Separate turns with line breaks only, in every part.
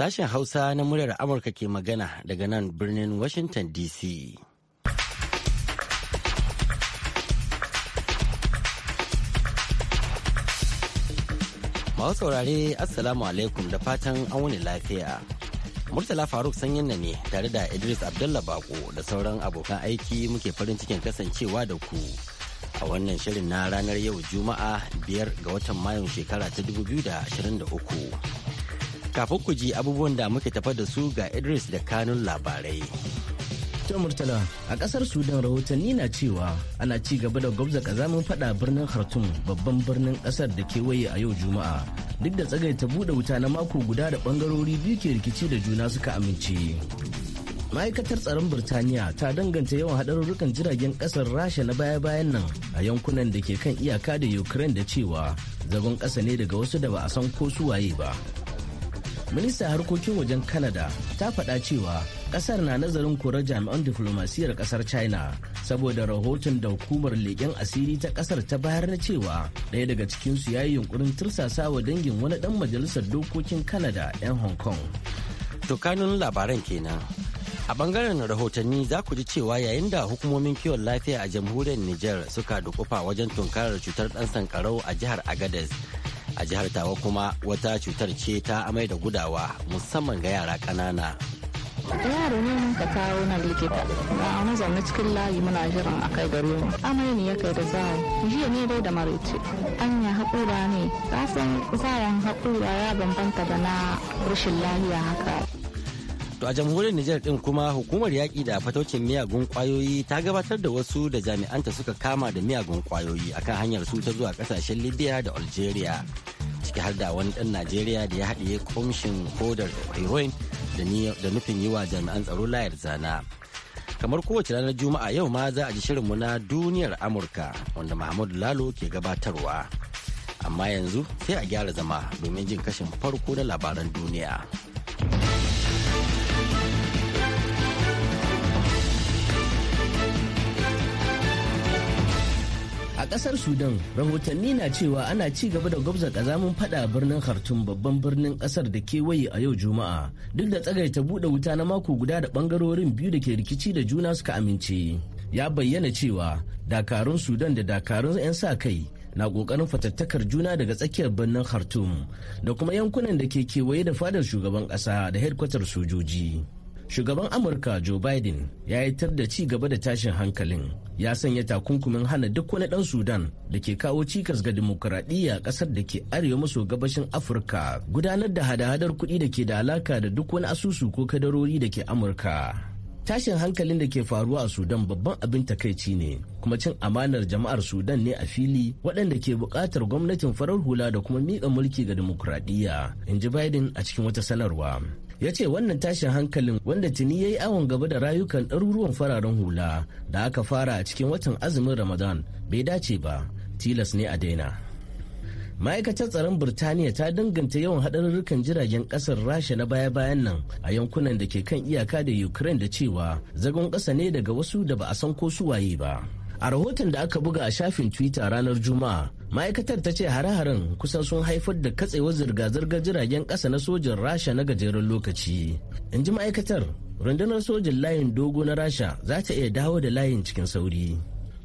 Sashen Hausa na muryar Amurka ke magana daga nan birnin Washington DC. Masu saurare Assalamu alaikum da fatan an lafiya. Murtala Faruk sanyin na ne tare da Idris Abdullah Bako da sauran abokan aiki muke farin cikin kasancewa da ku. A wannan shirin na ranar yau Juma'a biyar ga watan Mayun shekara ta 2023. Kafin ku ji abubuwan da muke tafa da su ga Idris da kanun labarai. ta Murtala a ƙasar
Sudan rahotanni na cewa ana ci gaba da gwabza ƙazamin faɗa birnin Khartoum babban birnin ƙasar da kewaye a yau Juma'a duk da ta buɗe wuta na mako guda da bangarori biyu ke rikici da juna suka amince. Ma'aikatar tsaron Birtaniya ta danganta yawan haɗarurrukan jiragen ƙasar Rasha na baya-bayan nan a yankunan da ke kan iyaka da Ukraine da cewa zagon ƙasa ne daga wasu da ba a san ko su waye ba. ministan harkokin wajen canada ta faɗa cewa ƙasar na nazarin korar jami'an diflomasiyyar ƙasar china saboda rahoton da hukumar leƙen asiri ta ƙasar ta bayar na cewa ɗaya daga cikinsu ya yi yunkurin tursasa wa dangin wani ɗan majalisar dokokin canada 'yan hong kong
to labaran kenan a bangaren rahotanni za ku ji cewa yayin da hukumomin kiwon lafiya a jamhuriyar Nijar suka dukufa wajen tunkarar cutar ɗan sankarau a jihar agadez a jihar tawa kuma wata cutar ce ta amai da gudawa musamman ga yara kanana.
yaro ne ka kawo na likita a wani zaune cikin layi muna jiran a kai gare mu amai ne ya kai da zawo jiya ne dai da maraice anya haƙura ne kasan zayan haƙura ya bambanta da na rashin lafiya haka
To a jamhuriyar Nijar din kuma hukumar yaƙi da fataucin miyagun kwayoyi ta gabatar da wasu da jami'anta suka kama da miyagun kwayoyi akan hanyar su ta zuwa kasashen Libya da Algeria. Ciki har da wani ɗan Najeriya da ya haɗiye kumshin kodar heroin da nufin yi wa jami'an tsaro layar zana. Kamar kowace ranar Juma'a yau ma za a ji mu na duniyar Amurka wanda Mahmud Lalo ke gabatarwa. Amma yanzu sai a gyara zama domin jin kashin farko na labaran duniya.
a kasar sudan rahotanni na cewa ana ci gaba da gwabza kazamin fada birnin khartoum babban birnin kasar da kewaye a yau juma'a duk da tsagaita bude wuta na mako guda da bangarorin biyu da ke rikici da juna suka amince ya bayyana cewa dakarun sudan da dakarun 'yan sa kai na kokarin fatattakar juna daga tsakiyar birnin khartoum da kuma yankunan da ke kewaye da fadar shugaban kasa da hedkwatar sojoji shugaban amurka joe biden ya yitar da ci gaba da tashin hankalin ya sanya takunkumin hana duk wani dan sudan da ke kawo cikas ga demokuraɗiyya ƙasar da ke arewa maso gabashin afirka gudanar da hada-hadar kuɗi da ke da alaka da duk wani asusu ko kadarori da ke amurka tashin hankalin da ke faruwa a sudan babban abin takaici ne kuma cin amanar jama'ar sudan ne a fili waɗanda ke buƙatar gwamnatin farar hula da kuma miƙa mulki ga demokuraɗiyya in ji biden a cikin wata sanarwa ya ce wannan tashin hankalin wanda tuni ya yi awon gaba da rayukan ɗaruruwan fararen hula da aka fara a cikin watan azumin ramadan bai dace ba tilas ne a daina ma'aikatar tsaron birtaniya ta danganta yawan haɗarurrukan jiragen ƙasar rasha na baya-bayan nan a yankunan da ke kan iyaka da ukraine da cewa zagon ƙasa ne daga wasu da ba a san ko su waye ba A rahoton da aka buga a shafin Twitter ranar Juma'a, ma'aikatar ta ce hare-haren kusan sun haifar da katsewar zirga-zirgar jiragen ƙasa na sojin Rasha na gajeren lokaci. In ji ma'aikatar, rundunar sojin layin dogo na Rasha za ta iya dawo da layin cikin sauri.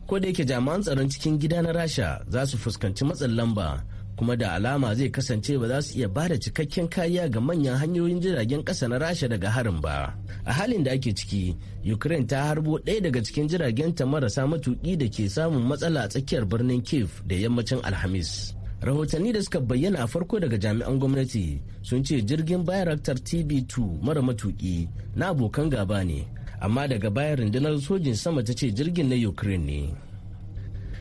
Ko da yake jami'an tsaron cikin gida na Rasha za su fuskanci matsin lamba kuma da alama zai kasance ba za su iya ba da cikakken kariya ga manyan hanyoyin jiragen ƙasa na rasha daga harin ba a halin da ake ciki ukraine ta harbo ɗaya daga cikin jiragen ta marasa matuki da ke samun matsala a tsakiyar birnin kiev da yammacin alhamis rahotanni da suka bayyana a farko daga jami'an gwamnati sun ce jirgin bayaraktar tb2 mara matuki. na abokan gaba ne amma daga bayan rundunar sojin sama ta ce jirgin na ukraine ne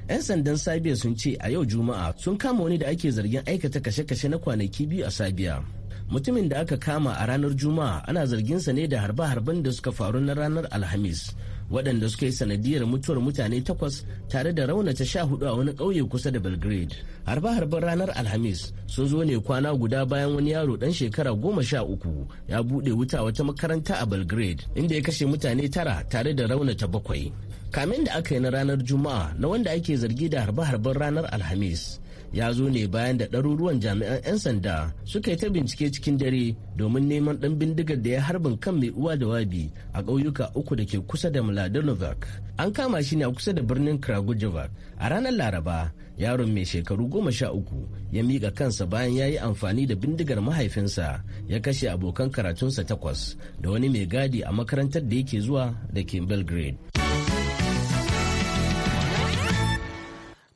'yan sandan sabiya sun ce a yau juma'a sun kama wani da ake zargin aikata kashe-kashe na kwanaki biyu a sabiya mutumin da aka kama a ranar juma'a ana zargin sa ne da harbe-harben da suka faru na ranar alhamis waɗanda suka yi sanadiyar mutuwar mutane takwas tare da raunata sha hudu a wani ƙauye kusa da belgrade harba harben ranar alhamis sun zo ne kwana guda bayan wani yaro ɗan shekara goma sha uku ya buɗe wuta wata makaranta a belgrade inda ya kashe mutane tara tare da raunata bakwai kamin da aka yi na ranar juma'a na wanda ake zargi da harba harben ranar alhamis ya zo ne bayan da ɗaruruwan jami'an 'yan sanda suka yi ta bincike cikin dare domin neman ɗan bindigar da ya harbin kan mai uwa da wabi a ƙauyuka uku da ke kusa da Mladenovac. An kama shi ne a kusa da birnin Kragujevac. A ranar Laraba, yaron mai shekaru goma sha uku ya miƙa kansa bayan ya yi amfani da bindigar mahaifinsa ya kashe abokan karatunsa takwas da wani mai gadi a makarantar da yake zuwa da ke Belgrade.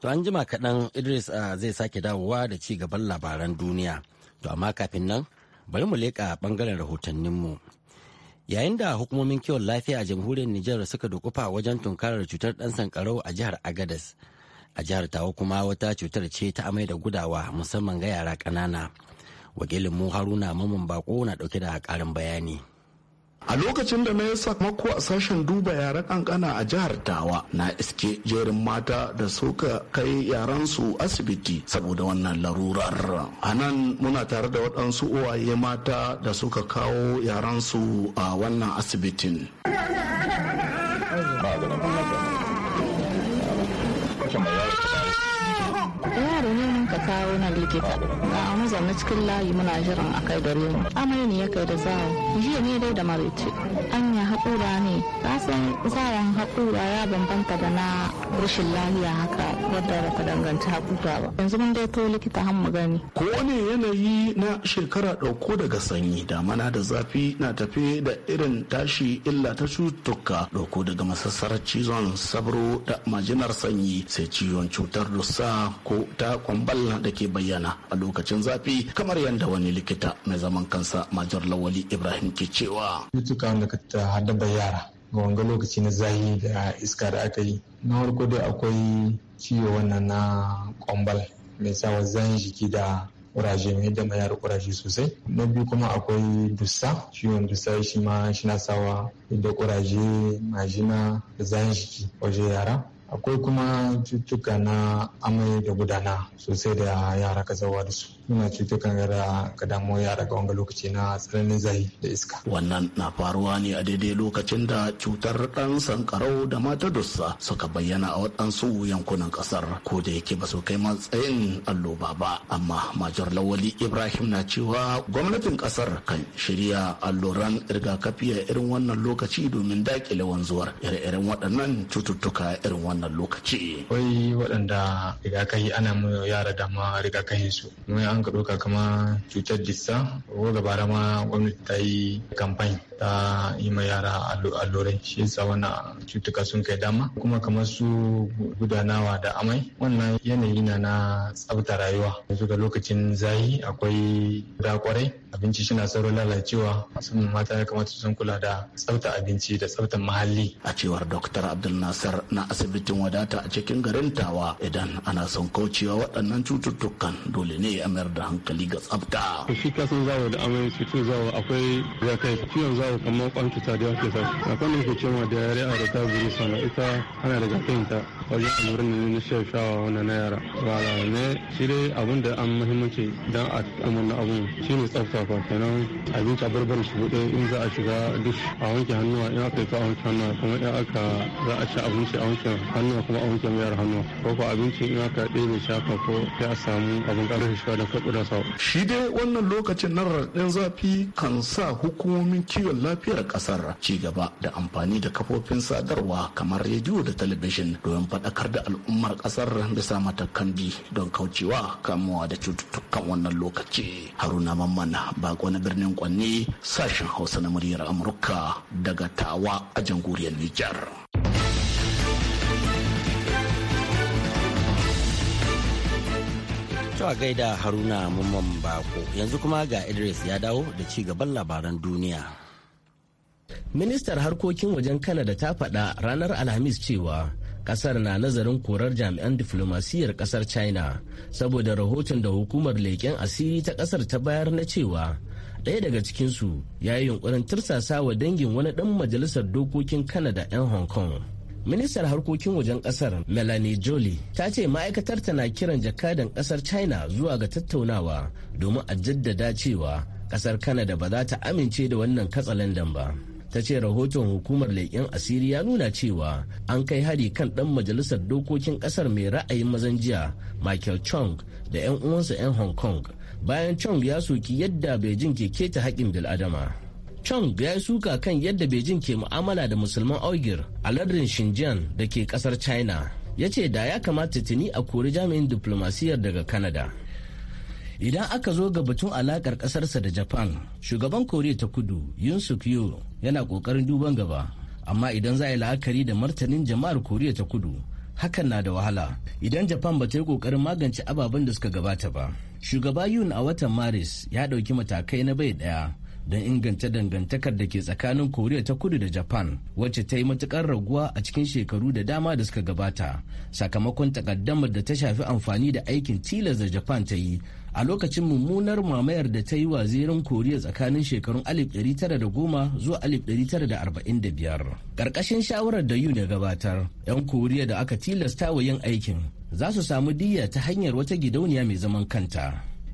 To an jima kaɗan Idris ah, zai sake dawowa da ci gaban labaran duniya. To amma kafin nan bari mu leƙa ɓangaren rahotanninmu. Yayin da hukumomin kiwon lafiya a jamhuriyar Nijar suka dukufa wajen tunkarar cutar ɗan sankarau a jihar Agadez. A jihar Tawa kuma wata cutar ce ta amai da gudawa musamman ga yara ƙanana. Wakilin mu Haruna Mamman Bako na ɗauke da ƙarin bayani.
a lokacin da na yi sakamako a sashen duba yaren kankana a jihar tawa na iske jerin mata da suka kai yaransu asibiti saboda wannan larurar a nan muna tare da waɗansu uwaye mata da suka kawo yaransu a wannan asibitin
kawo na likita a maza na cikin layi muna jiran a kai gare mu amai ne ya kai da zawo jiya ne dai da marice anya haƙura ne san zawon haƙura ya bambanta da na rashin lafiya haka wadda ba ta danganci haƙura ba yanzu mun dai to likita han mu gani
ko ne yanayi na shekara ɗauko daga sanyi da mana da zafi na tafi da irin tashi illa ta cutuka ɗauko daga masassarar cizon sabro da majinar sanyi sai ciwon cutar dussa ko ta kwambal da ke bayyana a lokacin zafi kamar yadda wani likita mai zaman kansa Major Lawali Ibrahim ke cewa.
Cutuka wanda ka haddaba yara ga wanga lokaci na zahi da iska da aka yi. Na farko dai akwai ciwo wannan na kwambal mai sawa zahin jiki da kuraje mai da mayar kuraje sosai na biyu kuma akwai dusa ciwon dusa shi ma shi na sawa da kuraje majina da zan jiki waje yara akwai kuma cutuka na amai da gudana sosai da yara ka zawa da su muna cutukan gara ga damo yara ga wanga lokaci na tsananin zai da iska. Wannan na faruwa ne a daidai lokacin da cutar ɗan sankarau da mata dussa
suka bayyana a waɗansu yankunan ƙasar ko da yake ba su kai matsayin alloba ba amma Major Lawali Ibrahim na cewa gwamnatin ƙasar kan shirya alloran rigakafi a irin wannan lokaci domin daƙile wanzuwar ire-iren waɗannan cututtuka
irin wannan lokaci. Wai waɗanda rigakafi ana mu yara dama rigakafin su. Mun ka ɗauka kama cutar jista ko gabara ma gwamnati ta yi kamfani ta yi ma yara allurai shi yasa wannan cutuka sun kai dama kuma kamar su gudanawa da amai wannan yanayi na na tsabta rayuwa yanzu ga lokacin zahi akwai da abinci shi sauran lalacewa musamman mata ya kamata sun kula da tsafta abinci da tsaftar muhalli. A cewar Dr. Abdul Nasar
na asibitin wadata a cikin garin Tawa idan ana son kaucewa waɗannan cututtukan dole ne a mayar da hankali ga
tsafta. Shi kasan zawo da amai cikin zawo akwai zakai ciwon zawo kamar kwan cuta da yake sa. Akwai ne ke cewa da yare a da ta zuri sana ita ana daga kanta wajen amurin ne na shan shawa na yara. Ba ne shi dai abin da an mahimmanci don a amurna abun shi ne tsafta shafa kenan abinci a barbarin shi buɗe
in za a shiga duk a wanke hannuwa in aka yi a wanke hannuwa kuma in aka za a ci abinci a wanke hannuwa kuma a wanke mayar hannuwa ko ko abinci in aka ɗebe shi haka ko sai a samu abin ƙarfi shiga da kaɗu da sau.
shi dai wannan lokacin na raɗin zafi kan sa hukumomin kiwon lafiyar ƙasar ci gaba da amfani da kafofin sadarwa kamar rediyo da talabijin don faɗakar da al'ummar ƙasar bisa matakan bi don kaucewa kamuwa da cututtukan wannan lokaci haruna mamman bako na birnin kwanne sashen hausa na muryar amurka daga tawa a jamhuriyar nijar Ta
gaida haruna mamman bako yanzu kuma ga idris ya dawo da ci gaban labaran duniya
ministar harkokin wajen kanada ta faɗa ranar alhamis cewa kasar na nazarin korar jami'an diflomasiyyar kasar china saboda rahoton da hukumar leƙen asiri ta kasar ta bayar na cewa ɗaya daga cikinsu ya yi yunkurin tirsasa wa dangin wani ɗan majalisar dokokin canada 'yan hong kong ministar harkokin wajen kasar melanie jolie ta ce ma'aikatar na kiran jakadan kasar china zuwa ga tattaunawa domin a jaddada cewa kasar canada ba za ta amince da wannan katsalandan ba ta ce rahoton hukumar leƙen asiri ya nuna cewa an kai hari kan ɗan majalisar dokokin ƙasar mai ra'ayin mazan jiya michael chong da 'yan uwansa 'yan hong kong bayan chong ya soki yadda beijing ke keta haƙƙin bil'adama chong ya yi suka kan yadda beijing ke mu'amala da musulman oigir a lardin xinjiang da ke ƙasar china ya ce da ya kamata tuni a kori jami'in diplomasiyyar daga canada Idan aka zo ga batun alakar ƙasarsa da Japan, shugaban Koriya ta kudu Yun Suk Yeol yana ƙoƙarin duban gaba. Amma idan za a yi la'akari da martanin jama'ar Koriya ta kudu, hakan na da wahala idan japan ba ta yi ƙoƙarin magance ababen da suka gabata ba shugaba yun a watan maris ya ɗauki matakai na bai ɗaya don inganta dangantakar da ke tsakanin koriya ta kudu da japan wacce ta yi matukar raguwa a cikin shekaru da dama da suka gabata sakamakon takaddamar da ta shafi amfani da aikin tilas da japan ta yi a lokacin mummunar mamayar da ta yi wa zirin koriya tsakanin shekarun 1910 zuwa 1945 ƙarƙashin shawarar da yu ne gabatar 'yan koriya da aka tilasta wa yin aikin za su samu diyya ta hanyar wata gidauniya mai zaman kanta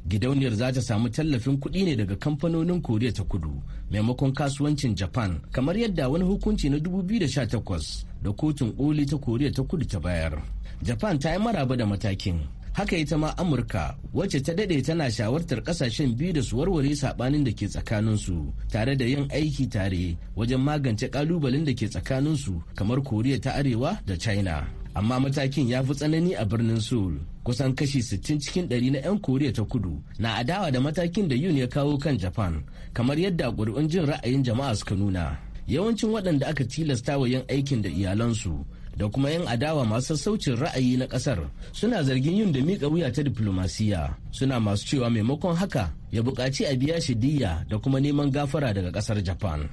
gidauniyar za ta samu tallafin kuɗi ne daga kamfanonin koriya ta kudu maimakon kasuwancin japan kamar yadda wani hukunci na 2018 da kotun koli ta koriya ta kudu ta bayar japan ta yi maraba da matakin haka ita ma amurka wacce ta dade tana shawartar kasashen biyu da su warware sabanin da ke tsakaninsu tare da yin aiki tare wajen magance kalubalen da ke tsakaninsu kamar koriya ta arewa da china amma matakin ya fi tsanani a birnin seoul kusan kashi 60 cikin 100 na 'yan koriya ta kudu na adawa da matakin da yun ya kawo kan japan kamar yadda ƙuri'un jin ra'ayin jama'a suka nuna yawancin waɗanda aka tilasta wa yin aikin da iyalansu da kuma 'yan adawa masu sassaucin ra'ayi na kasar suna zargin yin da miƙa wuya ta diplomasiya suna masu cewa maimakon haka ya buƙaci a biya shi diya da kuma neman gafara daga kasar japan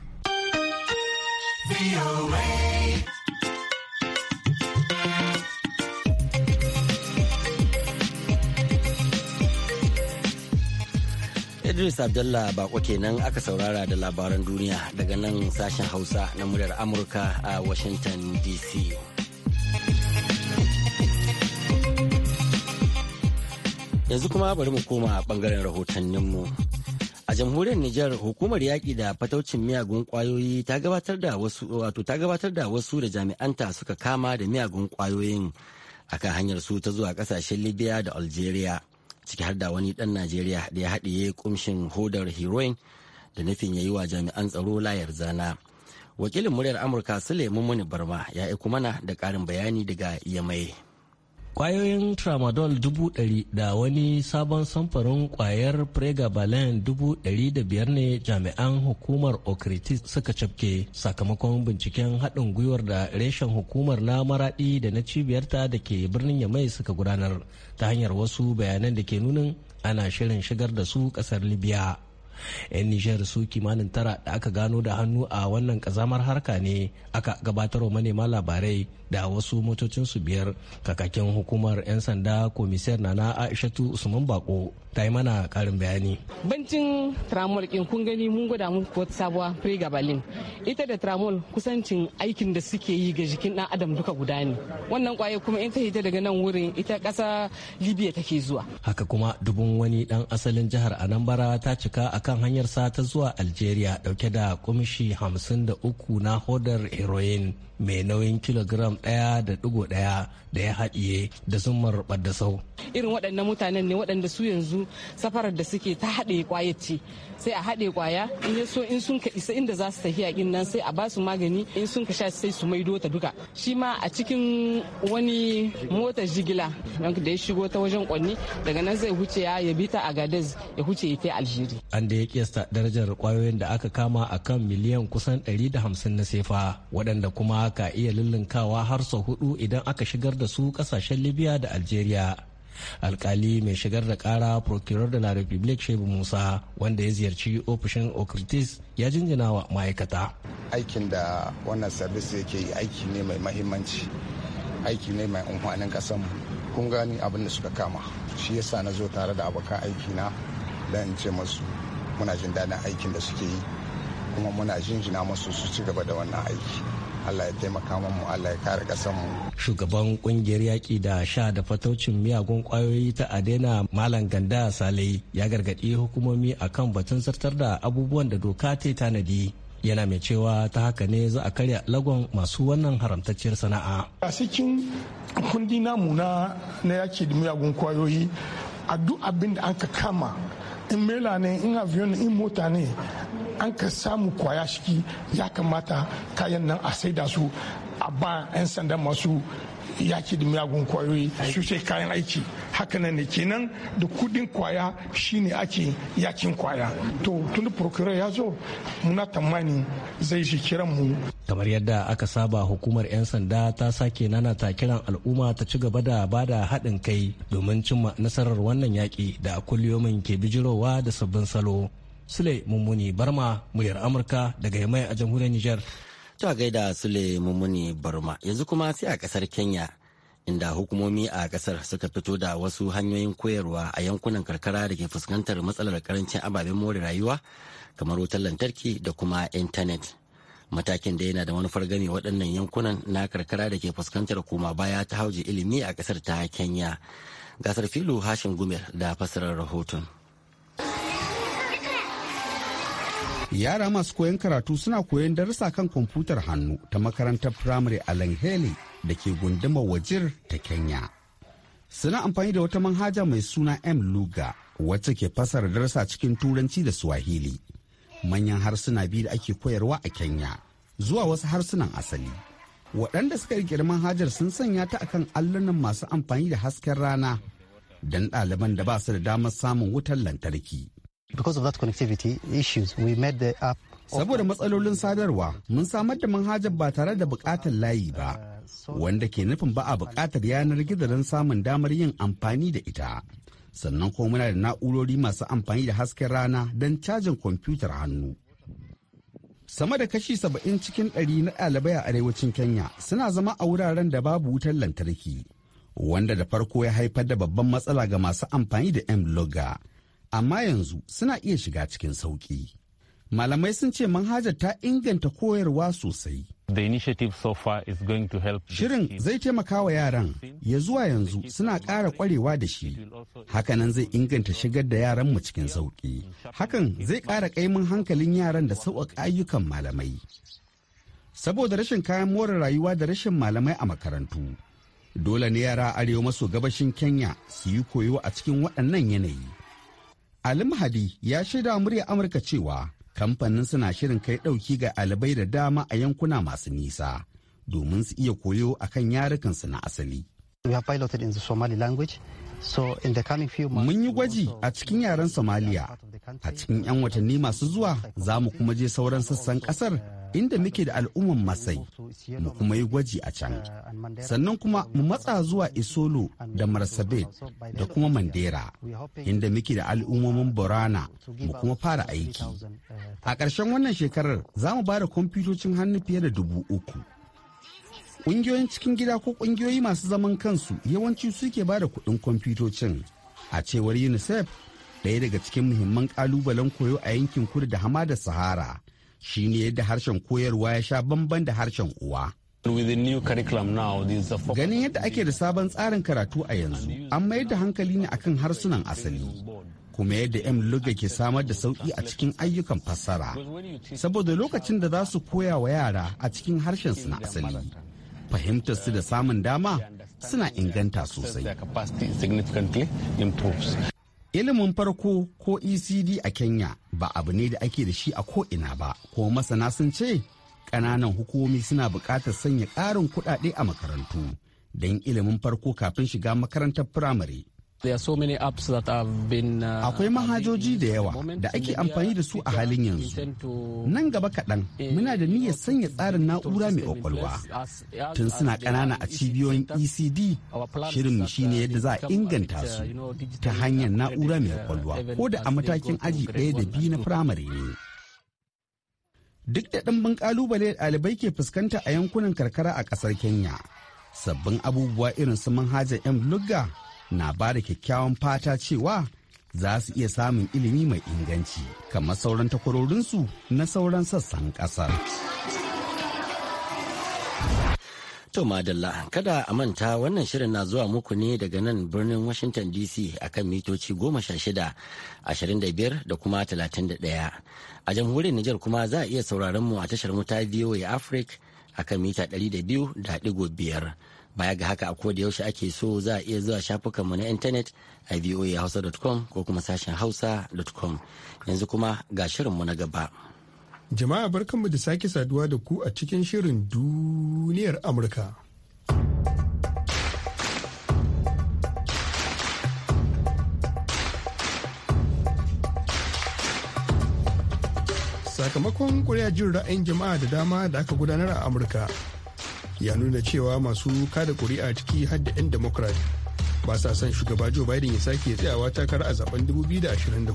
Idris Abdullah Bako kenan aka saurara da labaran duniya daga nan sashen Hausa na muryar Amurka a Washington DC. yanzu kuma bari mu koma bangaren rahotanninmu a jamhuriyar Nijar hukumar yaƙi da fataucin miyagun kwayoyi ta gabatar da wasu wato ta gabatar da wasu da jami'anta suka kama da miyagun kwayoyin akan hanyar su ta zuwa ƙasashen Libya da Algeria ciki har da wani ɗan Najeriya da ya haɗiye kumshin hodar heroin da nufin ya yi wa jami'an tsaro layar zana. Wakilin muryar Amurka Suleiman Muni Barma ya aiko mana da ƙarin bayani daga Yamai.
kwayoyin tramadol dubu ɗari da wani sabon samfurin kwayar pregabalin dubu ɗari da biyar ne jami'an hukumar okritis suka cafke sakamakon binciken haɗin gwiwar da reshen hukumar na maraɗi da na cibiyarta da ke birnin yamai suka gudanar ta hanyar wasu bayanan da ke nunin ana shirin shigar da su ƙasar libya 'yan nijar su kimanin tara da aka gano da hannu a wannan kazamar harka ne aka gabatar gabatarwa manema labarai da wasu motocinsu biyar kakakin hukumar 'yan sanda komisiyar na aishatu usman bako ta yi mana karin bayani
bancin tramol kin kun gani mun gwada muku wata sabuwa pregabalin ita da tramol kusancin aikin da suke yi ga jikin dan adam duka guda ne wannan kwaye kuma in ta hita daga nan wurin ita kasa libya take zuwa
haka kuma dubun wani dan asalin jihar anambra ta cika akan kan sa ta zuwa Algeria dauke da kumshi 53 na hodar heroin mai nauyin kilogram ɗaya da ɗigo ɗaya da ya haɗiye da sun marubar da sau.
Irin waɗannan mutanen ne waɗanda su yanzu safarar da suke ta haɗe kwaya ce sai a haɗe kwaya in ya so in sun ka isa inda za su tafi yaƙin nan sai a ba su magani in sun ka sha sai su maido ta duka. Shi ma a cikin wani mota jigila da ya shigo ta wajen kwanni daga nan zai huce ya bita ta a gadez ya huce ya kai aljeri.
An da ya kiyasta darajar kwayoyin da aka kama a kan miliyan kusan 150 na sefa waɗanda kuma ka iya lullunkawa har sau hudu idan aka shigar da su kasashen libya da algeria alkali mai shigar da kara procureur de la republique shebu musa wanda ya ziyarci ofishin okritis ya jinjina wa
ma'aikata aikin da wannan sabis yake yi aiki ne mai mahimmanci aiki ne mai umfanin kasanmu kun gani abin da suka kama shi yasa na zo tare da abokan aiki na dan ce masu muna jin daɗin aikin da suke yi kuma muna jinjina masu su ci gaba da wannan aiki Allah ya taimaka mu Allah ya kare kasan mu.
Shugaban kungiyar yaƙi da sha da fataucin miyagun kwayoyi ta Adena Malam Ganda Sale ya gargaɗi hukumomi akan batun zartar da abubuwan da doka ta tanadi. yana mai cewa ta haka ne za a karya lagon masu wannan haramtacciyar sana'a.
A
cikin kundi namu na yaki da miyagun kwayoyi a duk abin da an ka kama in mela ne in avion in mota ne an ka samu kwaya shiki ya kamata kayan nan a saida su a ba 'yan sanda masu yaki da miyagun kwayoyi su sai kayan aiki hakanan ne kenan da kudin kwaya shine ake yakin kwaya to tun da ya zo muna tamani
zai shi kiran mu kamar yadda aka saba hukumar 'yan sanda ta sake nana ta kiran al'umma ta ci gaba da bada haɗin kai domin cimma nasarar wannan yaki da kulliyomin ke bijirowa da sabbin salo Sule Mummuni Barma muryar Amurka daga
Yamai a jamhuriyar Nijar. To gaida Sule Mummuni Barma yanzu kuma sai a kasar Kenya inda hukumomi a kasar suka fito da wasu hanyoyin koyarwa a yankunan karkara da ke fuskantar matsalar karancin ababen more rayuwa kamar wutar lantarki da kuma intanet matakin da yana da manufar gani waɗannan yankunan na karkara da ke fuskantar koma baya ta hauji ilimi a kasar ta kenya gasar filu hashim gumer da fassarar
rahoton yara masu koyon karatu suna koyon darussa kan kwamfutar hannu ta makarantar firamare a langhele da ke gundumar wajir ta kenya suna amfani da wata manhaja mai suna m luga wacce ke fasara darasa cikin turanci da swahili manyan harsuna biyu da ake koyarwa a kenya zuwa wasu harsunan asali waɗanda suka ƙirƙiri manhajar sun sanya ta akan allunan masu amfani da hasken rana don ɗaliban da ba su da damar samun wutar lantarki Because of saboda matsalolin sadarwa mun samar da manhajar ba tare da bukatar layi ba wanda ke nufin ba a bukatar yanar gizo don samun damar yin amfani da ita sannan kuma muna da na'urori masu amfani da hasken rana don cajin kwamfutar hannu sama da kashi saba'in cikin ɗari na ɗalibai a arewacin kenya suna zama a wuraren da babu wutar lantarki wanda da farko ya haifar da babban matsala ga masu amfani da m-logger amma yanzu suna iya shiga cikin sauƙi. Malamai sun ce manhajar ta inganta koyarwa sosai.
The initiative so is going to help.
Shirin zai taimaka wa yaran ya zuwa yanzu suna ƙara ƙwarewa da shi. Hakanan zai inganta shigar da yaran mu cikin sauƙi. Hakan zai ƙara ƙaimin hankalin yaran da sauƙaƙa ayyukan malamai. Saboda rashin kayan more rayuwa da rashin malamai a makarantu. Dole ne yara arewa maso gabashin Kenya su yi koyo a cikin waɗannan yanayi. Ali Mahadi ya shaida murya Amurka cewa kamfanin suna shirin kai ɗauki ga ɗalibai da dama a yankuna masu nisa domin su iya koyo akan yarukansu na asali. We have piloted in the Somali language Mun yi gwaji a cikin yaren Somalia. A cikin 'yan watanni masu zuwa za mu kuma je sauran sassan uh, kasar inda muke da al'umman Masai, mu kuma yi gwaji a can. Sannan kuma mu matsa zuwa Isolo da Marsabit da kuma Mandera, inda muke da al'ummomin Borana mu kuma fara aiki. Uh, a ƙarshen wannan shekarar za mu ba da kwamfutocin hannu fiye da dubu uku. ƙungiyoyin cikin gida ko ƙungiyoyi masu zaman kansu yawanci suke bada da kuɗin kwamfutocin a cewar unicef ɗaya daga cikin muhimman ƙalubalen koyo a yankin kudu da hama da sahara shi ne yadda harshen koyarwa ya sha bamban da harshen uwa
ganin
yadda ake da sabon tsarin karatu a yanzu an mayar da hankali ne akan harsunan asali kuma yadda m. luga ke samar da sauƙi a cikin ayyukan fassara saboda lokacin da za su koya wa yara a cikin harshen su na asali fahimtar su da samun dama suna inganta sosai. Ilimin farko ko ECD a Kenya ba abu ne da ake da shi a ko'ina ba, ko masana sun ce ƙananan hukumomi suna buƙatar sanya ƙarin kuɗaɗe a makarantu don ilimin farko kafin shiga makarantar firamare Uh,
Akwai
mahajoji da yawa da ake amfani da su a halin yanzu. Nan gaba kaɗan eh, muna da niyyar sanya tsarin na'ura mai ƙwaƙwalwa. Tun suna ƙanana a cibiyoyin ECD, e shirin shine uh, yadda za a inganta su uh, ta hanyar na'ura mai ƙwaƙwalwa ko da a matakin aji ɗaya da biyu na firamare ne. Duk da ɗimbin ƙalubale ɗalibai ke fuskanta a yankunan karkara a ƙasar Kenya, sabbin abubuwa irin su manhajar 'yan blogger na ba da kyakkyawan fata cewa za su iya samun ilimi mai inganci kamar sauran takwarorinsu na sauran sassan kasar. To Madalla, kada a
manta wannan shirin na zuwa muku ne daga nan birnin Washington DC akan mitoci goma sha shida, ashirin da biyar da kuma talatin da ɗaya. A jamhuriyar Nijar kuma za a iya sauraron mu a tashar mu ta VOA Africa akan mita ɗari da biyu da ɗigo baya ga haka a koda yaushe ake so za a iya zuwa shafukanmu na intanet a voahausa.com ko kuma sashen hausa.com yanzu kuma ga shirinmu na gaba
jama'a barkanmu da sake saduwa da ku a cikin shirin duniyar amurka sakamakon ƙuri'ar jin ra'ayin jama'a da dama da aka gudanar a amurka ya nuna cewa masu kada kuri'a ciki har da 'yan democrat ba sa son shugaba joe biden ya sake tsayawa takara a zaben 2024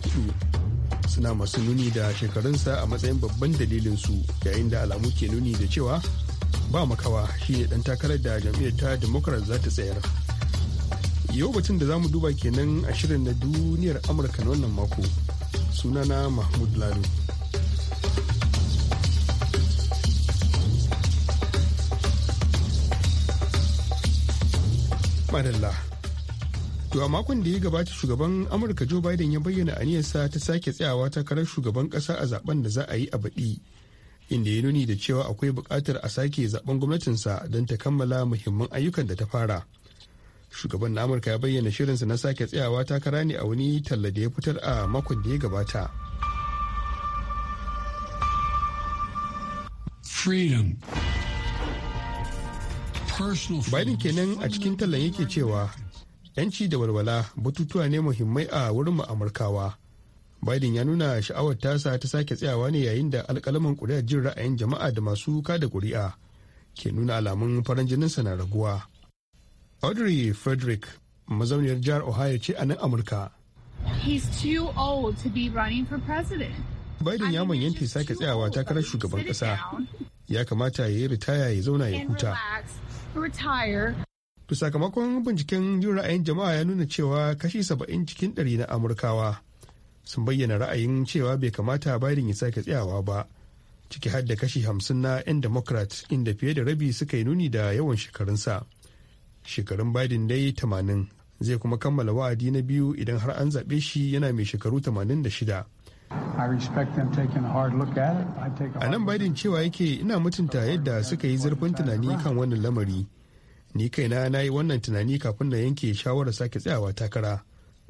suna masu nuni da shekarunsa a matsayin babban dalilin su yayin da alamu ke nuni da cewa ba makawa shine dan takarar da jam'iyyar ta democrat za ta tsayar yau batun da za mu duba kenan a shirin na duniyar amurka na wannan mako sunana mahmud lalu madalla to a makon da ya gabata shugaban amurka joe biden ya bayyana aniyarsa ta sake tsayawa takarar shugaban kasa a zaben da za a yi a baɗi inda ya nuni da cewa akwai buƙatar a sake zaben gwamnatinsa don ta kammala muhimman ayyukan da ta fara shugaban na amurka ya bayyana shirinsa na sake tsayawa takara ne a wani talla da ya fitar a makon da ya gabata freedom Biden kenan a cikin tallan yake cewa yanci da walwala batutuwa ne muhimmai a wurin mu Amurkawa. Biden ya nuna sha'awar tasa ta sake tsayawa ne yayin da alkalaman kuri'a jin ra'ayin jama'a da masu kada kuri'a ke nuna alamun farin jininsa na raguwa. Audrey Frederick mazauniyar jihar Ohio ce a nan Amurka. Biden ya manyanta sake tsayawa takarar shugaban kasa. Ya kamata ya yi ritaya ya zauna ya huta.
retire.
To sakamakon binciken jin ra'ayin jama'a ya nuna cewa kashi saba'in cikin ɗari na Amurkawa sun bayyana ra'ayin cewa bai kamata Biden ya sake tsayawa ba. Ciki har kashi hamsin na 'yan Democrat inda fiye da rabi suka yi nuni da yawan shekarunsa. Shekarun Biden dai tamanin zai kuma kammala wa'adi na biyu idan har an zaɓe shi yana mai shekaru tamanin da shida. A nan Biden cewa yake ina mutunta yadda suka yi zurfin tunani kan wannan lamari. Ni kaina na yi wannan tunani kafin na yanke shawarar sake tsayawa takara.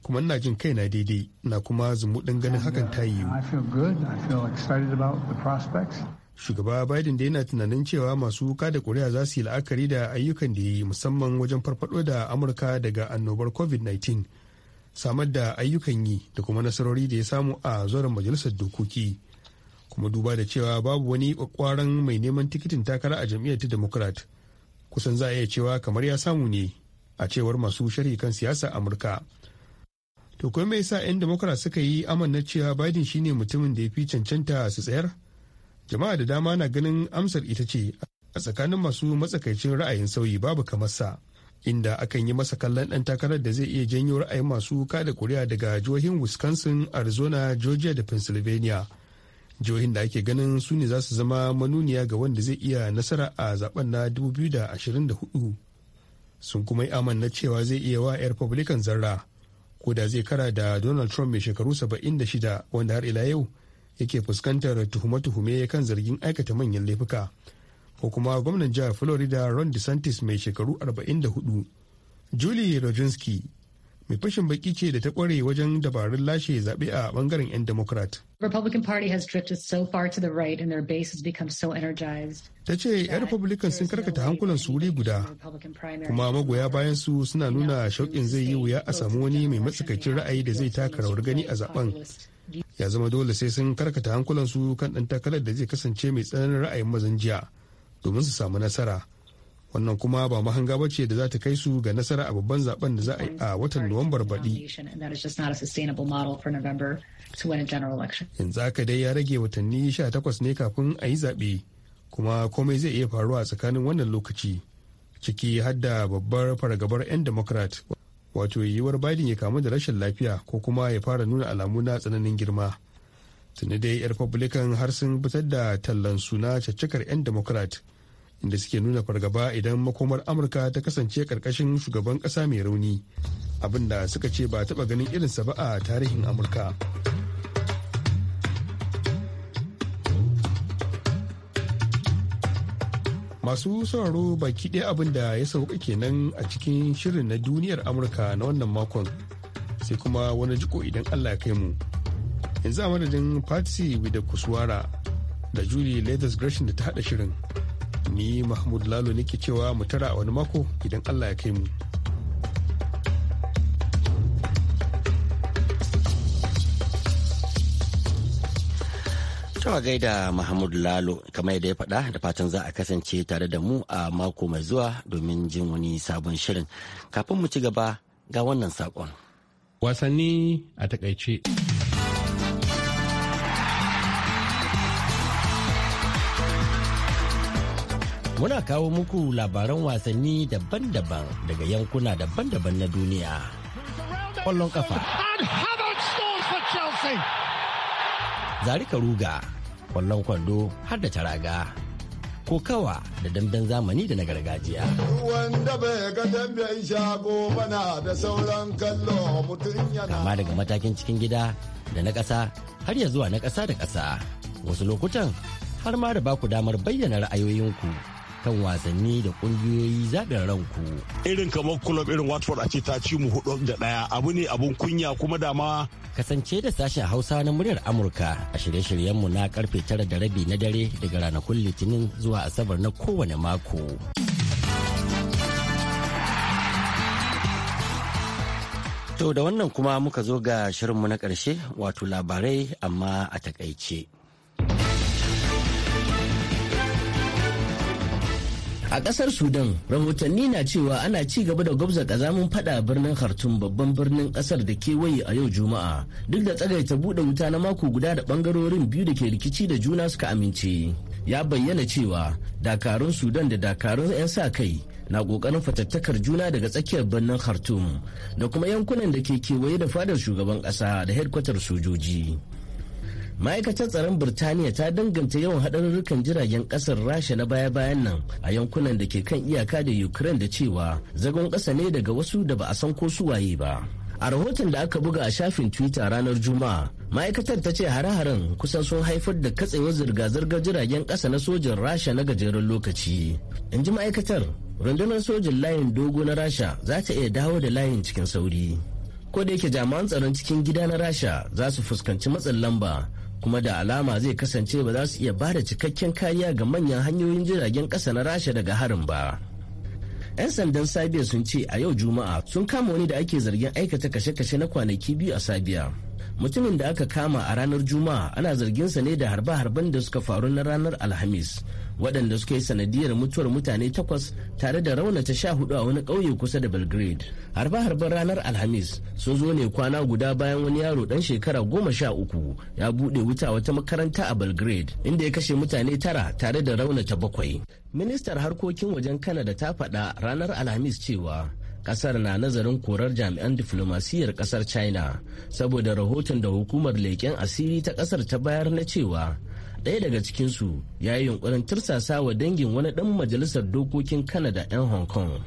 Kuma ina jin kaina daidai na kuma zumuɗin ganin hakan ta yi. Shugaba Biden da yana tunanin cewa masu kada kuri'a za su yi la'akari da ayyukan da ya yi musamman wajen farfado da Amurka daga annobar COVID-19. samar da ayyukan yi da kuma nasarori da ya samu a zoron majalisar dokoki kuma duba da cewa babu wani kwakwaran mai neman tikitin takara a jam'iyyar ta democrat kusan za a iya cewa kamar ya samu ne a cewar masu sharhi kan siyasa amurka to kuma mai sa 'yan democrat suka yi na cewa biden shine mutumin da ya fi cancanta su tsayar jama'a da dama na ganin amsar ita ce a tsakanin masu matsakaicin ra'ayin sauyi babu kamar sa inda akan yi masa kallon ɗan takarar da zai iya janyo ra'ayin masu kada kuri'a daga jihohin wisconsin arizona georgia da pennsylvania jihohin da ake ganin su ne za su zama manuniya ga wanda zai iya nasara a zaben na 2024 sun kuma yi amanna cewa zai iya wa 'yan republican zarra ko da zai kara da donald trump mai shekaru 76 wanda har ila yau yake fuskantar tuhume-tuhume kan zargin aikata manyan laifuka. ko kuma gwamnan jihar florida ron desantis mai shekaru 44 julie Rojinski mai fashin baki ce da ta kware wajen dabarun lashe zaɓe a bangaren 'yan democrat
republican party has drifted so far to the right and their base has become so energized
ta ce 'yan republican sun karkata hankulan su wuri guda kuma magoya bayan su suna nuna shauƙin zai yi wuya a samu wani mai matsakaicin ra'ayi da zai taka rawar gani a zaben ya zama dole sai sun karkata hankulan su kan ɗan takarar da zai kasance mai tsananin ra'ayin mazan jiya domin su samu nasara wannan kuma ba mahanga ba ce da za ta kai su ga nasara a babban zaben da za a yi a watan nuwambar baɗi. yanzu haka dai ya rage watanni 18 ne kafin a yi zaɓe kuma komai zai iya faruwa tsakanin wannan lokaci ciki har da babbar fargabar 'yan democrat wato yiwuwar biden ya kamu da rashin lafiya ko kuma ya fara nuna alamu na tsananin girma tuni dai 'yan republican har sun fitar da tallan suna caccakar 'yan democrat da suke nuna fargaba idan makomar amurka ta kasance karkashin shugaban kasa mai rauni abinda suka ce ba taba ganin irinsa ba a tarihin amurka masu sauraro baki ɗaya abin da ya sauka kenan a cikin shirin na duniyar amurka na wannan makon sai kuma wani jiko idan allah ya kai mu yanzu a madadin patsy da kuswara da julie latest gresham da ta haɗa shirin Ni Mahmud Lalo ke cewa mu tara a wani mako idan Allah ya kai mu.
Tawa gaida Mahmud Lalo kamar yadda ya faɗa da fatan za a kasance tare da mu a mako mai zuwa domin jin wani sabon shirin. Kafin mu ci gaba ga wannan sakon.
Wasanni a takaice.
Muna kawo muku labaran wasanni daban-daban daga yankuna daban-daban na duniya. Kwallon kafa. Zarika ruga, kwallon kwando har da taraga. Kokawa da damben zamani da na gargajiya.
Wanda bai ga damben shago bana da sauran kallo mutum yana.
Kama daga matakin cikin gida da na ƙasa har ya zuwa na ƙasa da ƙasa. Wasu lokutan har ma da baku damar bayyana ra'ayoyinku. Kan wasanni da kungiyoyi zaɓin ranku.
Irin kamar kulob irin Watford a ce ta ci mu hudu da ɗaya abu ne abun kunya kuma dama.
Kasance da sashen Hausa na muryar Amurka a shirye-shiryenmu na karfe tara da rabi na dare daga ranakun Litinin zuwa Asabar na kowane mako. To da wannan kuma muka zo ga shirinmu na ƙarshe wato labarai amma a takaice.
A ƙasar Sudan, rahotanni na cewa ana ci gaba da gwabza ƙazamin fada birnin Khartoum babban birnin ƙasar da kewaye a yau Juma'a, duk da tsagaita buɗe wuta na mako guda da ɓangarorin biyu da ke rikici da juna suka amince. Ya bayyana cewa dakarun Sudan da dakarun 'yan sa kai na ƙoƙarin fatattakar juna daga tsakiyar birnin Khartoum da kuma yankunan da ke kewaye da fadar shugaban ƙasa da hedkwatar sojoji. ma'aikatar tsaron birtaniya ta danganta yawan haɗarurrukan jiragen ƙasar rasha na baya-bayan nan a yankunan da ke kan iyaka da ukraine da cewa zagon ƙasa ne daga wasu da ba a san ko suwaye ba a rahoton da aka buga a shafin twitter ranar juma'a ma'aikatar ta ce hare-haren kusan sun haifar da katsewar zirga-zirgar jiragen ƙasa na sojan rasha na gajeren lokaci in ji ma'aikatar rundunar sojin layin dogo na rasha za ta iya dawo da layin cikin sauri ko da yake jami'an tsaron cikin gida na rasha za su fuskanci matsin lamba kuma da alama zai kasance ba za su iya ba da cikakken kariya ga manyan hanyoyin jiragen ƙasa na rasha daga harin ba 'yan sandan sabiya sun ce a yau juma'a sun kama wani da ake zargin aikata kashe-kashe na kwanaki biyu a sabiya mutumin da aka kama a ranar juma'a ana zarginsa ne da harba harben da suka faru na ranar alhamis waɗanda suka yi sanadiyar mutuwar mutane takwas tare da raunata sha hudu a wani ƙauye kusa da belgrade harba-harban ranar alhamis sun zo ne kwana guda bayan wani yaro dan shekara goma sha uku ya buɗe wuta wata makaranta a belgrade inda ya kashe mutane tara tare da raunata bakwai ministar harkokin wajen kanada ta faɗa ranar alhamis cewa kasar na nazarin korar jami'an diflomasiyyar kasar china saboda rahoton da hukumar leƙen asiri ta kasar ta bayar na cewa ɗaya daga cikinsu ya yi yunkurin tirsasa wa dangin wani ɗan majalisar dokokin kanada 'yan Hong Kong.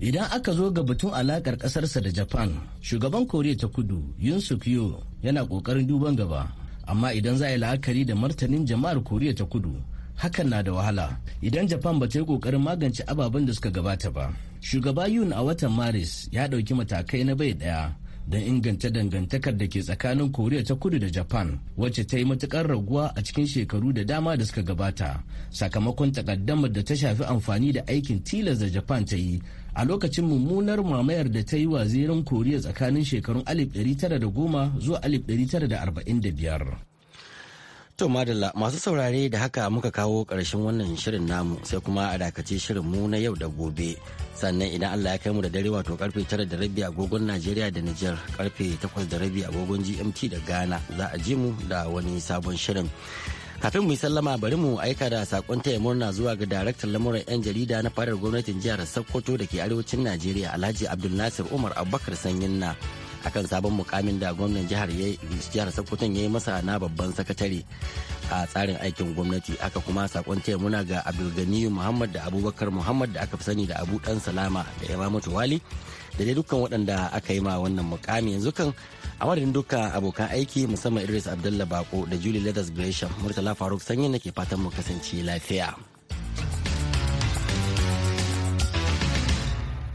Idan aka zo ga batun alakar ƙasarsa da Japan, shugaban Koriya ta kudu Yun Suk yo yana ƙoƙarin duban gaba. Amma idan za a yi la'akari da martanin jama'ar Koriya ta kudu, hakan na da wahala idan japan ba ta yi ƙoƙarin magance ababen da suka gabata ba shugaba yun a watan maris ya ɗauki matakai na bai ɗaya don inganta dangantakar da ke tsakanin koriya ta kudu da japan wacce ta yi matukar raguwa a cikin shekaru da dama da suka gabata sakamakon takaddamar da ta shafi amfani da aikin tilas da japan ta yi a lokacin mummunar mamayar da ta yi wa zirin koriya tsakanin shekarun 1910 zuwa
1945 To madalla masu saurare da haka muka kawo karshen wannan shirin namu sai kuma a dakace shirin mu na yau da gobe. Sannan idan Allah ya kai mu da dare wato karfe tara da rabi agogon Najeriya da Nijar karfe 8 da rabi agogon GMT da Ghana za a ji mu da wani sabon shirin. Kafin mu yi sallama bari mu aika da sakon taya murna zuwa ga daraktan lamuran 'yan jarida na fadar gwamnatin jihar Sokoto da ke arewacin Najeriya Alhaji Abdul Nasir Umar Abubakar Sanyin na. akan sabon mukamin da gwamnan jihar jihar sokoton ya yi masa na babban sakatare a tsarin aikin gwamnati aka kuma sakon taya muna ga abdulganiyu muhammad da abubakar muhammad da aka fi sani da abu dan salama da imamatu wali da dai dukkan waɗanda aka yi ma wannan mukami yanzu kan a madadin dukkan abokan aiki musamman idris abdullah bako da julie leathers gresham murtala faruk sanyi ke fatan mu kasance lafiya.